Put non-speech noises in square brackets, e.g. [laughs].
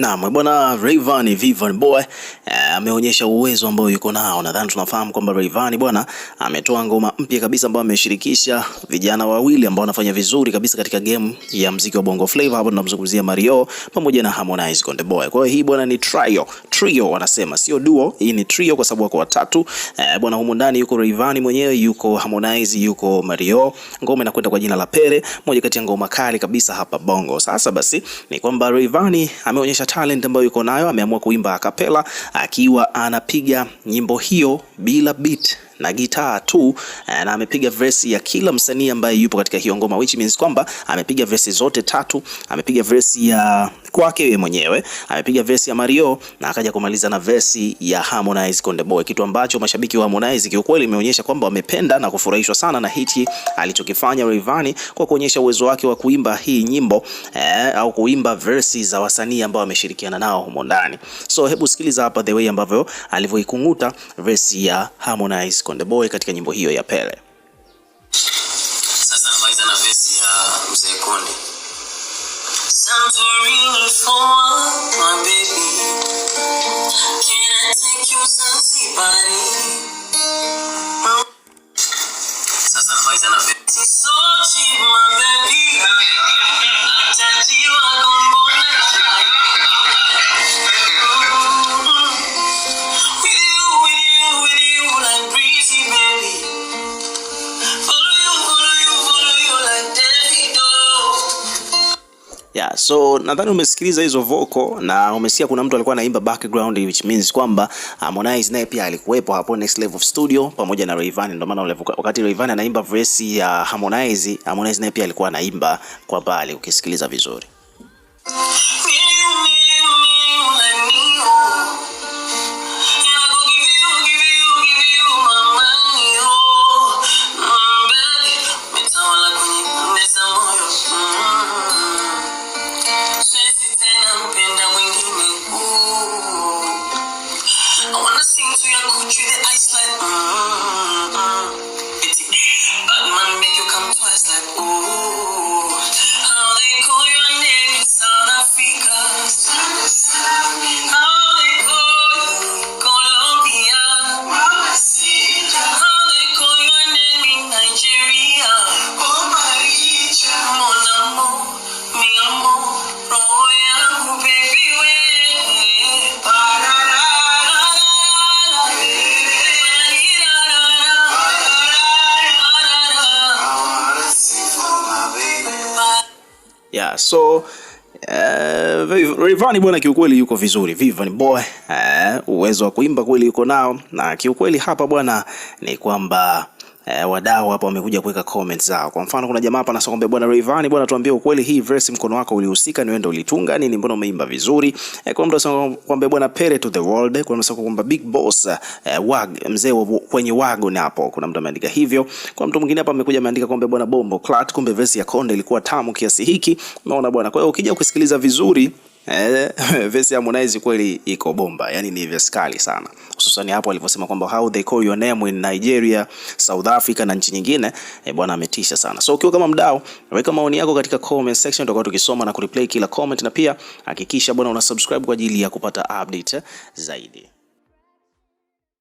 Naam, bwana Rayvanny Vivian boy ameonyesha uwezo ambao yuko nao. Nadhani tunafahamu kwamba Rayvanny bwana ametoa ngoma mpya kabisa ambayo ameshirikisha vijana wawili ambao wanafanya vizuri kabisa katika game ya mziki wa Bongo Flava. Hapo tunamzungumzia Mario pamoja na Harmonize Konde Boy. Kwa hiyo hii bwana ni trio, trio wanasema sio duo, hii ni trio kwa sababu wako watatu Eh, bwana humo ndani yuko Rayvanny mwenyewe, yuko Harmonize, yuko Mario. Ngoma inakwenda kwa jina la Pere, moja kati ya ngoma kali kabisa hapa Bongo. Sasa basi ni kwamba Rayvanny ameonyesha talent ambayo yuko nayo, ameamua kuimba a cappella aki akiwa anapiga nyimbo hiyo bila beat na gitaa tu eh, na amepiga verse ya kila msanii ambaye yupo katika hiyo ngoma, which means kwamba amepiga verse zote tatu. Amepiga verse ya kwake yeye mwenyewe, amepiga vesi ya Mario na akaja kumaliza na vesi ya Harmonize Konde Boy, kitu ambacho mashabiki wa Harmonize kiukweli imeonyesha kwamba wamependa na kufurahishwa sana na hichi alichokifanya Rayvanny kwa kuonyesha uwezo wake wa kuimba hii nyimbo eh, au kuimba vesi za wasanii ambao ameshirikiana nao humo ndani. So hebu sikiliza hapa the way ambavyo alivyoikunguta vesi ya Harmonize Konde Boy katika nyimbo hiyo ya Pele. Sasa namaliza na vesi ya Mzee Konde. Bye. Yeah, so nadhani umesikiliza hizo vocal na umesikia kuna mtu alikuwa anaimba background which means kwamba uh, Harmonize naye pia alikuwepo hapo Next Level of Studio pamoja na Rayvanny. Ndio maana wakati Rayvanny anaimba verse ya Harmonize, Harmonize naye pia alikuwa anaimba kwa mbali ukisikiliza vizuri. Iceland. Uh, yeah, so Uh, bwana kiukweli yuko vizuri. vivan boy uh, uwezo wa kuimba kweli yuko nao, na kiukweli hapa bwana ni kwamba eh, wadau hapa wamekuja kuweka comments zao. Kwa mfano kuna jamaa hapa anasema kwamba bwana Rayvanny, bwana tuambie ukweli, hii verse mkono wako ulihusika, ni wewe ndio ulitunga nini? Mbona umeimba vizuri? Eh, kwa mtu anasema kwamba bwana Pele to the world, kwa mtu anasema kwamba Big Boss eh, wag mzee wa kwenye wago hapo. Kuna mtu ameandika hivyo. Kwa mtu mwingine hapa amekuja ameandika kwamba bwana Bombo Clat, kumbe verse ya Konde ilikuwa tamu kiasi hiki. Unaona bwana, kwa hiyo ukija kusikiliza vizuri Eh, [laughs] vesi ya Harmonize kweli iko bomba, yani ni vesi kali sana hususani hapo alivyosema kwamba how they call your name in Nigeria, South Africa na nchi nyingine e, bwana ametisha sana. So ukiwa kama mdau, weka maoni yako katika comment section, tutakuwa tukisoma na kureplay kila comment, na pia hakikisha bwana una subscribe kwa ajili ya kupata update zaidi.